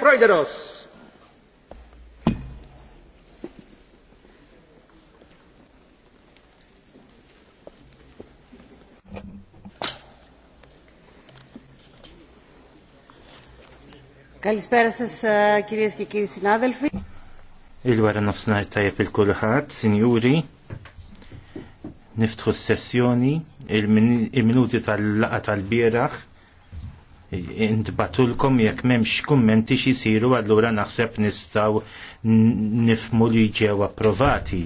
Κυρία Proideros. Καλησπέρα σας κυρίες και κύριοι συνάδελφοι. Il-wara nofsnar tajjeb il-kulħadd, sinjuri, niftħu s-sessjoni, il-minuti tal-laqa tal-bieraħ, intbatulkom jekk m'hemmx kummenti xi jsiru allura naħseb nistgħu nifmu li ġew approvati.